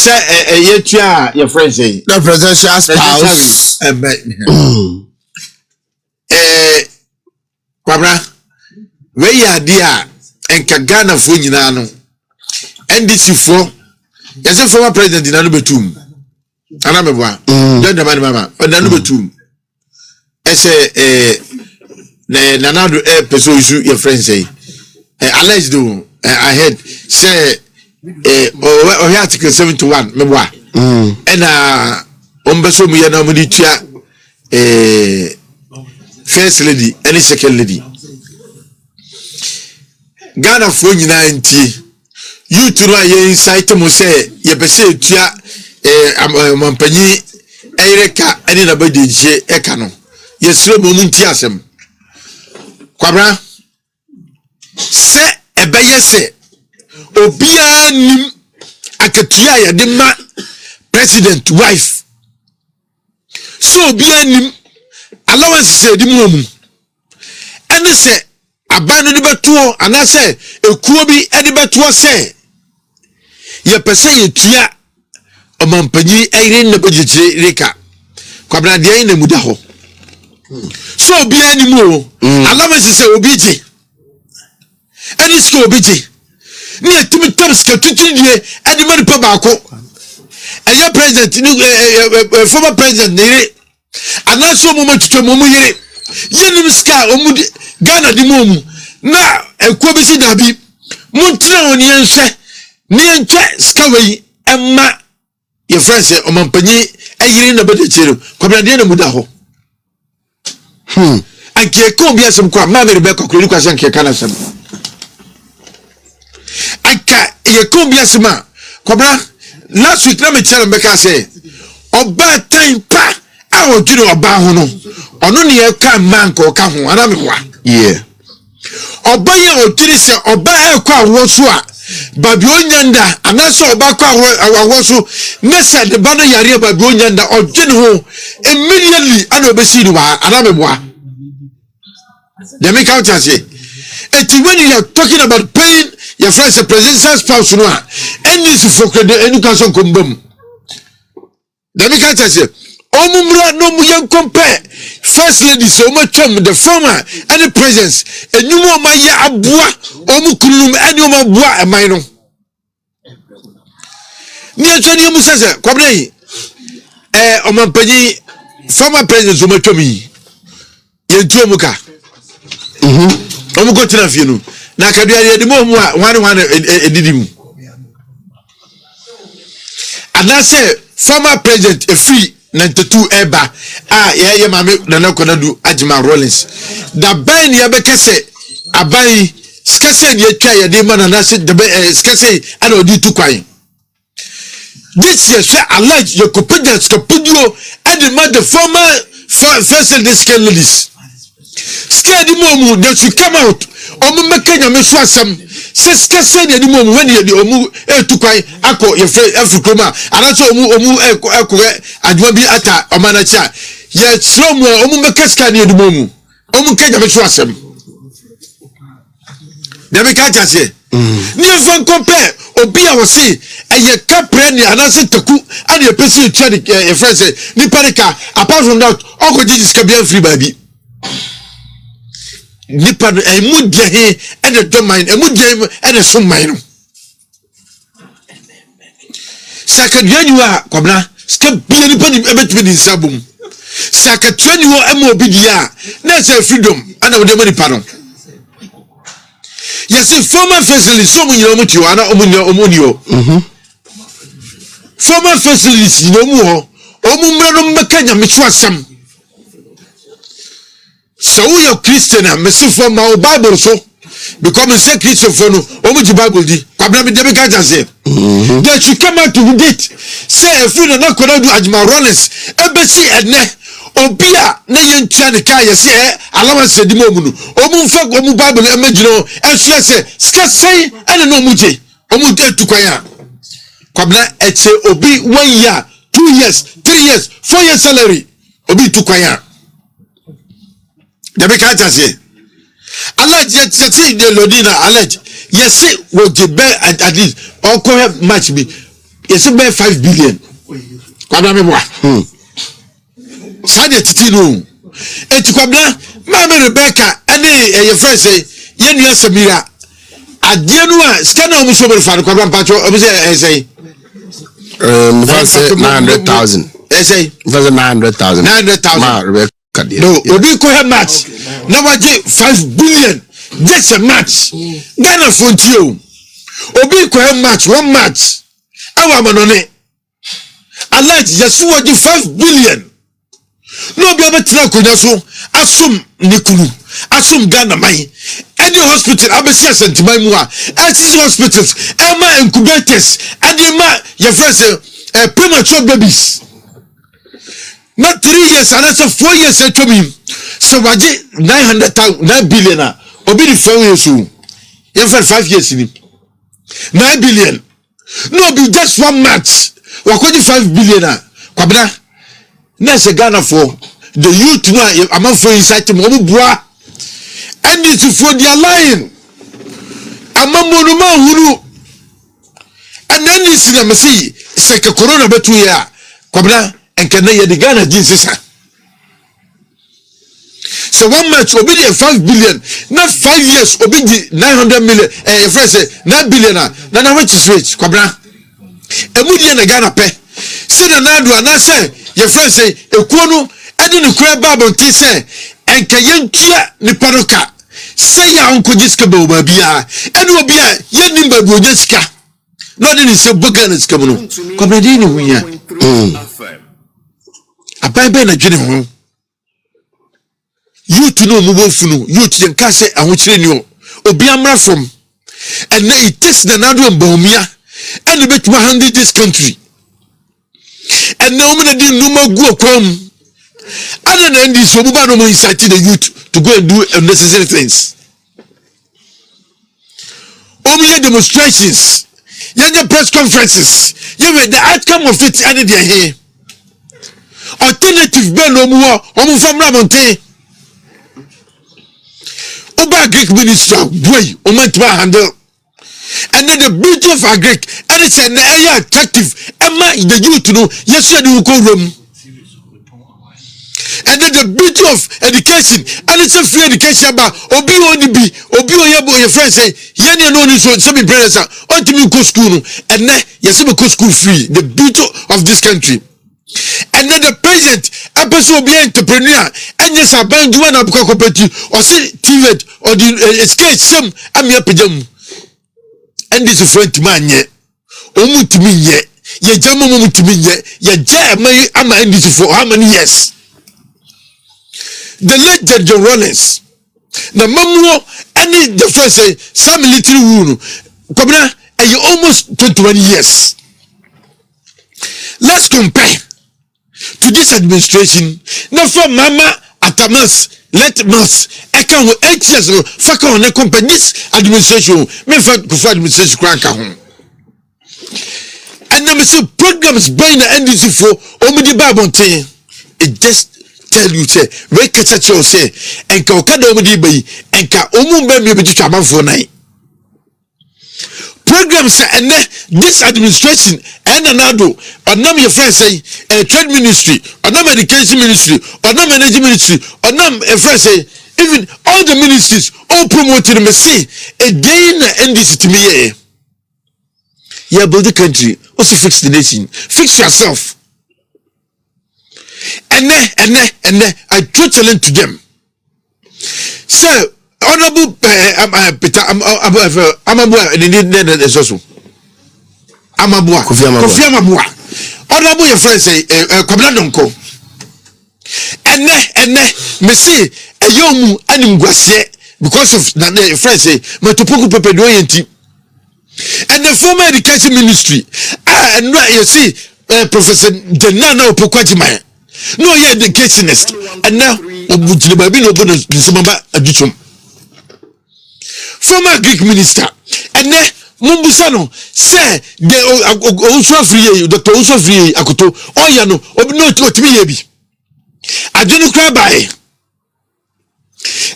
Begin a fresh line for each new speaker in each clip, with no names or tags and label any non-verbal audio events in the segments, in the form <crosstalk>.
sɛ ɛyɛ tua a yɛfrɛ n sɛ yi. na presidential spouse. ɛbɛ <clears throat> ɛɛ kwabra wɛyɛ adeɛ a nka ghanafoɔ nyinaa no ndc foɔ yɛsɛ former president nanu bɛtum ana mɛ bua john mm. dramani mama ɔnanu mm. bɛtum ɛsɛ ɛɛ na nana ɛɛ pɛsɛ oyisu yɛfrɛ n sɛ yi ɛɛ alex do ɛɛ ahead sɛ ɔyɛ eh, oh, oh, oh, article seventy one mɛ bɔ a ɛna wɔn bɛ so mu yɛ na wɔn de tia eh, first lady ɛne second lady ghanafoɔ nyinaa ntie youth no a yɛn nsaite eh, mu sɛ yɛpɛ sɛ etua mampanyin ɛyere ka ɛne nabadenhyie ɛka no yɛsrɛ mu ɔmu ntie asɛm kwabra sɛ ɛbɛyɛ sɛ obiara nim akatua a yɛde ma president wife so obiara nim allowance yɛde mu wɔn mu ɛne sɛ aban no de bɛtoɔ anaasɛ ekuo bi ɛde bɛtoɔ sɛ yɛpɛ sɛ yɛtua ɔmampanyin ɛyere nnabɔ gyekyere reka kwabenadeɛ yi na da hɔ so obiara nim o mm. allowance sɛ obi gye ɛne sika obi gye ne yɛtumi tam sika tutudie ɛde ma nipa baako ɛyɛ president ne ɛɛ former president ne yere anaasɛ ɔmo ma twitwa ɔmo yere yɛnim sika ɔmo de ghana di mu ɔmo na ɛkuo bi si daabi mo ntina wɔn yɛn hyɛ ne yɛn twɛ sika wɔ yi ɛma yɛfrɛ sɛ ɔmampanyin ɛyere na bɛda akyire no na mu da hɔ hmm ankeɛ ka obi asɛm kora maa mi rebɛka kura ni kwa sɛ ankeɛ ka asɛm yɛka obi asɛm a kɔbra last week na mekyerɛ no bɛka sɛ ɔbaa tan pa a wɔdwene ɔbaa ho no ɔno ne yɛka mma ɔka ho ana mehoa ɔbaa yi a wɔdwene sɛ ɔbaa ɛkɔ awoɔ so a baabi onya nda anaasɛ ɔba kɔ awoɔ so ne sɛ ne ba no yareɛ baabi onya nda ɔdwene ho immediately ana ɔbɛsi no waa ana mehoa deɛ meka wote aseɛ eti when you talking about pain yɛfrɛ sɛ presidential spouse no a ɛne sifoɔ krɛde anuka so nkɔmba mu na meka kyɛ sɛ ɔmu mmura na ɔmu yɛ nkɔmpɛ first lady sɛ ɔmu atwam the former ɛne presence enyim a ɔmu ayɛ aboa ɔmu kunum ɛne ɔmu aboa ɛman no ní ɛtwa ní ɛmu sɛsɛ kɔbɛn yi ɛɛ ɔmu mpanyin former president ɔmu atwam yi yɛn ti mhm. ɔmu ka ɔmu kɔ tena fie no na kadua yɛde mu mu a wane wane ɛdidi mu anaasɛ former president ɛfiri ninety two ɛba a yɛyɛ maame nana kɔnadu agyima rollins daban ni yɛbɛka sɛ aban sikasɛn ni yɛtwa yɛde ma nana sɛ daban ɛɛ sikasɛn ɛna ɔde tu kwan this year sɛ alaj yɛkɔpagya sikapuduo ɛde ma the former first and second ladies sikɛn di mu omu they should come out ɔmo mɛka nyame so asɛm sɛsikɛ sɛdeɛ ni mu ɔmo hɛ neɛ deɛ ɔmo ɛtu kwan akɔ yɛfrɛ ɛfiri kurom a anaasɛ ɔmo ɔmo ɛkɔɛ adwuma bi ata ɔmo anakyi a yɛkyerɛ ɔmo a ɔmo mɛka sika neɛ dum ɔmo ɔmo ka nyame so asɛm deɛ meka kyɛ seɛ mm. ne yɛmfa nkɔ pɛ obi a wɔse ɛyɛ kapre ne anaasɛ taku ane yɛpɛ sɛ yɛtua ne eh, yɛfrɛ sɛ nipa ne ka apart from that ɔkɔgye gye sika biara mfiri baabi nipa no ɛmu gye he ɛna dɔ man ɛmu gye he ɛna so man no sakadua ni hɔ a kɔmna sika bia nipa ni ɛbɛtumi ni nsa bom sakatua ni hɔ obi di na ɛsɛ freedom ɛna wɔde ɛma nipa no yɛsi former facilities sɛ ɔmo nyinaa ti hɔ ana ɔmo nyinaa ɔmo ni hɔ mhm. former facilities nyinaa ɔmo hɔ ɔmo mmerɛ no mbɛka nyamehyew asɛm sɛ woyɛ christian a mesefoɔ ma wo bible so because me sɛ christianfoɔ no wɔn gye bible di kwabena mi debi kankan seɛ. the chikema to date sɛ efiri na kɔnɔ du adjuma rollins ebesi ɛnɛ obi a ne yɛn tia ne kaa yɛ sɛ ɛ eh, allowance edi mu omu no omu nfa omu bible ɛmɛ gyina hɔ ɛsɛ sɛ sika sɛn ɛna na omu gye omu gye etu kwan a kwabena ɛkyɛ obi one year two years three years four years salary obi tu kwan a dɛbɛka atase alaj yɛtete de lodi na alaj si wo bɛ at least ɔkɔ hɛ match bi si bɛ five billion kwabra mi bua hmm. saa de titi no eti kwabra maame rebecca ɛne ɛyɛ fɛnsɛ eh, yɛn nua samira adeɛ no a sika na ɔmo so mo refa no kwabra mpatsɔ ɔmo sɛ ɛsɛ yi. Um, nfa sɛ nine hundred thousand. ɛsɛ yi. nfa sɛ nine hundred thousand. nine hundred thousand no obi kɔ hɛ match na wagye five billion just a match mm. ghana fo o obi kɔ hɛ match one match ɛwɔ amanɔne alert Yasu wagye five billion na obi abɛtena akonnwa so asom ne kunu asom ghana man ɛde hospital abɛsi asɛntiman mu a ɛsisi hospitals ɛma incubators ɛde ma yɛfrɛ sɛ eh, ɛ premature babies na three years anaasɛ four years atwam yi sɛ wagye nine hundred thousand nine billion a obi de five years o yɛmfa five years ni nine billion na obi just one month wakɔgye five billion a kwabena na ɛsɛ ghanafoɔ the youth no a amanfoɔ insight mu wɔn bua ndcfoɔ dia line ama mmonoma ahunu ɛna ndc na mɛ sɛ yi sɛ kɛ corona bɛtu yɛ a kwabena nkɛnɛ yɛ de ghana gyi nsesa sɛ one match obi de five billion na five years obi di nine hundred million ɛɛ efra sɛ nine billion a na na which is rich kwabena emu deɛ na ghana pɛ sɛ na nado anaasɛ yɛfra sɛ eh, ekuo no ɛde ne kura baabu nte sɛ nkɛyɛ ntua nipa no ka sɛ yɛ ankɔgye sika bɛwɔ baabi a ɛne obi a yɛnni baabi ogye sika na ɔde ne nsa bɔ ghana sika mu no kwabena deɛ ne ho yia kwan bɛn na dwene ho youth no mu wɔfu no youth yɛn ka sɛ ahokyere ni o obi amra fam ɛnna it takes nanado mbɔnmia ɛna ebɛtuma handle this country ɛnna wɔn na de nnuma gu ɔkwan mu ɛna na ndc wɔn ba na wɔn incite the youth to go and do unnecessary things wɔn yɛ demonstrations yɛn yɛ press conferences yɛn wɛ the outcome of it ɛne deɛ hɛn alternative bẹ́ẹ̀ ni ọmọ wọ ọmọ fọmúlà mọ̀ntẹ́n ọba agric ministry àbúrò yìí ọmọ ìtura handle ɛnɛ the beauty of agric ɛne sɛ ɛnɛ ɛyɛ attractive ɛma the youth no yɛsɛ ne wokɔ and then the beauty of education ɛne sɛ free education aba obi wɔ ne bi obi wɔ yɛbɔ yɛ frɛ sɛ yɛneɛ no ɔne so sɛbi brɛdɛ sa ɔntumi nkɔ school no ɛnɛ yɛsɛ bɛkɔ school free the beauty of this country ɛnɛ the patient ɛpɛ sɛ obi yɛ entrepreneur ɛnyɛ sɛ aban dwuma na abokɔ kɔpɛti ɔse tv ɔde stage sɛm amea pagya mu ɛnde so frɛ ntumi anyɛ ɔmu ntumi nyɛ yɛgya ma mu ntumi nyɛ yɛgya ɛma yi ama ɛnde so for how many years the late John John Rawlings na mamuo ɛne the first say saa military rule no kɔmina ɛyɛ almost twenty one years let's compare to this administration na fa mama atamas letmas ɛka ho hs no fa ka ho ne company this administration memfa kofo administration kora nka ho ɛnam sɛ programs bɛn na ndc foɔ ɔmde ba abɔnten it just tell you sɛ wei kasa kyerɛ wo sɛ ɛnka ɔka da ɔmde ba yi ɛnka ɔmu mbɛ mmia bɛtwitwa amanfoɔ nan programs and this administration and another, nado ɔnam your friends say a trade ministry or ɔnam education ministry or ɔnam energy ministry or ɔnam ɛfɛn say even all the ministries all promoted me say ɛdɛn na ndc tumi yɛ yɛ build the country also fix the nation fix yourself And and ɛnɛ and ɛnɛ i do challenge to them So, honorable Peter Amabua ne so so Amabua Kofi Amabua honorable your friend say eh, eh, eh, Kwabla Donko ɛnɛ ɛnɛ me se ɛyɛ mu animguaseɛ because of na ne friend say matopoku pepe do yenti and the former education ministry a ɛnura yɛ se ɛɛ professor jenna na opoku agyimayɛ na ɔyɛ educationist ɛnɛ ɔbu gyina baabi na ɔbɔ ne nsɛmaba adutwom former greek minister ɛnɛ mumbusa no sɛ de owusu afiri yie dr owusu afiri yie akoto ɔyɛ no obi na otimi yie bi adwene kura baaye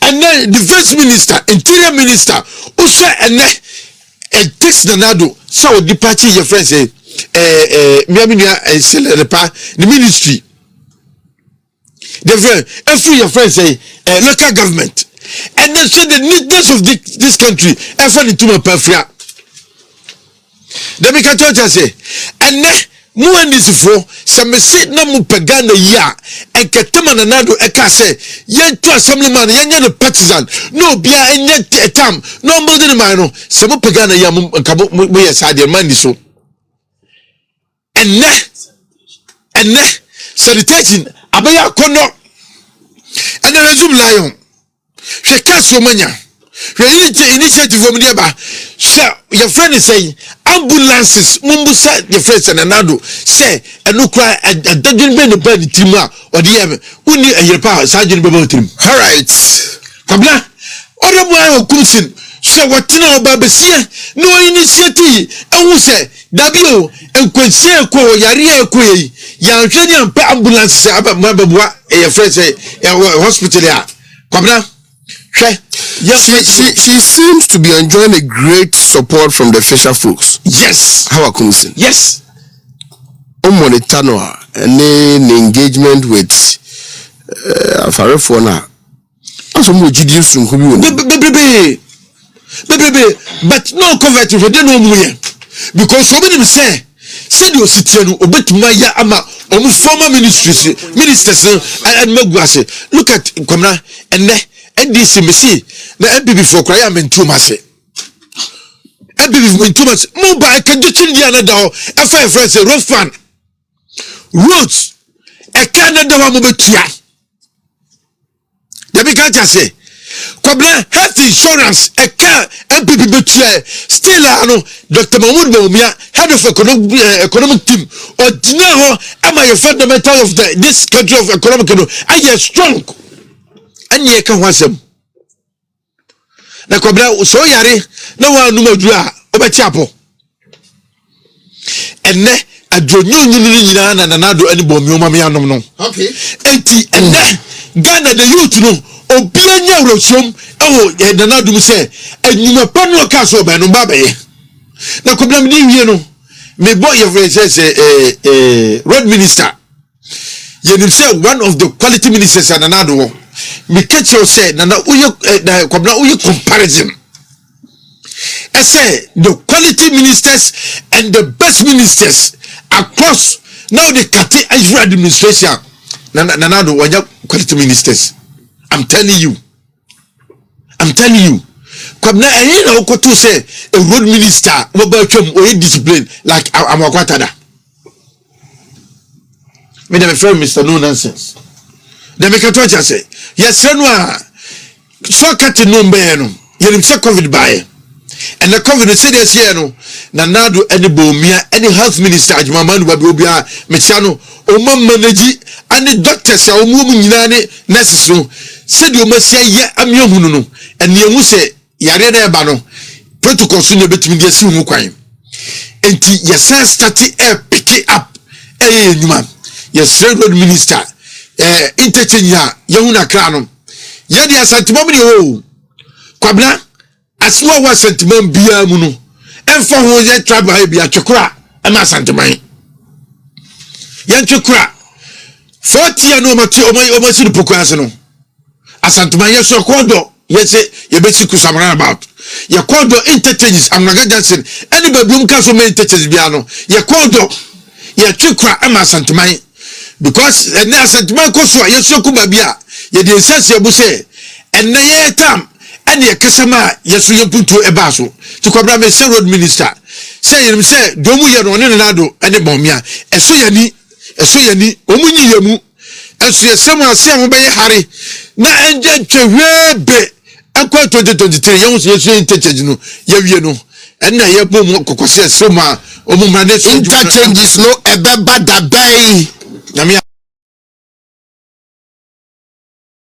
ɛnɛ defence minister interior minister ɔsɛ ɛnɛ ɛtix e nanado sɛ ɔdi paaki yɛ fɛn sɛ ɛɛ e, ɛɛ e, miami nua ɛsɛlɛlɛpa ne ministry de fɛn efiri yɛ fɛn sɛ ɛɛ local government. And they say the needness of this, this country, ẹfẹ ni ne, my periphery kẹtọ ọtí ẹsẹ, ẹnẹ mu ndisifoɔ sàmìsì na mu que ghana y a ya a tout man a partisan na bia and tam a no sɛ mo pɛ ya y a mo nka mo mo yɛ y a so abaya Et hwɛ kaafo mu nya hwɛ yɛnkyɛ initiative mu deɛ ba hwɛ yɛfrɛ ne sɛ ambulances mumbu sɛ yɛfrɛ sɛ do sɛ ɛno kora adadwene bɛ nipa ne tirim a ɔde yɛ wonni ayere pa saa adwene bɛba wo tirim alright kwabena ɔdɛ bu ayɛ okum sin sɛ wɔtena ɔba bɛsiɛ na wɔyi ne sɛti ɛho sɛ dabi o nkwanhyia ɛkɔ yareɛ ɛkɔ yɛ yɛanhwɛ ne ampɛ ambulance sɛ abɛboa yɛfrɛ sɛ hospital a kwabena hwɛ she she she seems to be enjoying a great support from the fisher folks. yes how are akumsin. yes. o monitor no a ɛne ne engagement with uh, afarefoɔ no a ɔsɛ mo gyidi sonko bi wɔ mu. bebrebe bebrebe but na ɔkɔvɛt hwɛdeɛ na ɔmu yɛ because obi nim sɛ sɛdeɛ osi tiɛ no obetumi ya ama ɔmo former ministries ministers no ɛnum eh, agu ase look at kwamina ɛnɛ ndc mesi na npp fo kora yɛ a mentu mu ase npp fo mentu mu ase mo ba e kɛgye kyinidiɛ ne da hɔ ɛfa e ɛfrɛ e sɛ rofan roads ɛka ne da hɔ a mobɛtua yɛbi ka kyɛ se kɔbena health insurance ɛka npp bɛtua still a no dr mahmood mahomia head of economic, uh, eh, economic team ɔgyina hɔ ama yɛ fundamental of the, this country of economic no ayɛ strong ɛnneɛ ka ho asɛm na kɔbra sɛ ɔyare na woanom aduro a wobɛte apɔ ɛnɛ aduonyonyini ni nyinaa na nanado ne bɔmmeoma me anom no enti ɛnɛ ghana the youth no obia nya awerɛsuom ɛwɔ nanadom sɛ anwuma pa no ɔkaa sɛ ɔbɛn no ba bɛyɛ na kɔbra mede wie no mebɔ yɛfrɛ sɛ sɛ eh, eh, road minister yɛnim sɛ one of the quality ministers a nanado wɔ meka kyerɛw sɛ nana woyɛ eh, kwabena woyɛ comparison ɛsɛ the quality ministers and the best ministers across now the kate israel administration nana nana do wɔnyɛ quality ministers i'm telling you i'm telling you kwabena ɛyɛ na wokɔto sɛ a road minister wɔbɛ atwam ɔyɛ discipline like amakwatada mede mefrɛ mr no nonsense na mekato akyɛ sɛ yɛsrɛ no a sɔkate nom bɛyɛ no yɛnim sɛ covid baeɛ ɛnɛ covid no sɛdeɛ seɛ no nanado ne boomia ne health minister adwumama no babi obiara mekyia no ɔma managyi ane doctors a ɔmuɔ mu nyinaa ne nurses no sɛdeɛ ɔmasia yɛ ameahunu no ɛneɛ hu sɛ yareɛ no ɛba no protocol so ne bɛtumi de asi ho kwan enti yɛsan starte ɛpike up ɛyɛ yɛ nnwuma yɛsrɛ road minister ɛɛ eh, interchange a yɛhu na kra no yɛde asantemam ne ɛwɔ o kwabena asewa wɔ asantemam biara mu no ɛmfa ho yɛ traba yɛ bi atwekora ɛma asanteman yɛntwe kora fɔti a na ɔmo ti ɔmo ɔmo si no poko ase no asanteman yɛ so ɛkɔɔdɔ yɛsɛ yɛbɛsi kusamara about yɛkɔɔdɔ interchanges amunaga johnson ɛne baabi omu ka so mɛ interchanges biara no yɛkɔɔdɔ yɛtwe ɛma asanteman because ɛnɛ asantuma kɔ so a yɛsua ko baabi a yɛde nsɛnsia bu sɛ ɛnɛ yɛ tam ɛne yɛkasa mu a yɛso yɛmpuntuo ɛbaa so nti kwabra mesɛ road minister sɛ yɛnim sɛ domu yɛ no ɔne ne nado ɛne bɔmmea ɛso yɛni ɛso yɛni ɔmu nyi yɛ mu ɛso yɛsɛm a sɛ wobɛyɛ hare na ɛngye ntwɛ hwee be ɛkɔ 2023 yɛho sɛ yɛso yɛntakyɛgyi no yɛwie no ɛna yɛ bɔ mu kɔkɔ sɛ so ma ɔmo mmerɛ ne so. interchanges no ɛbɛba dabɛn.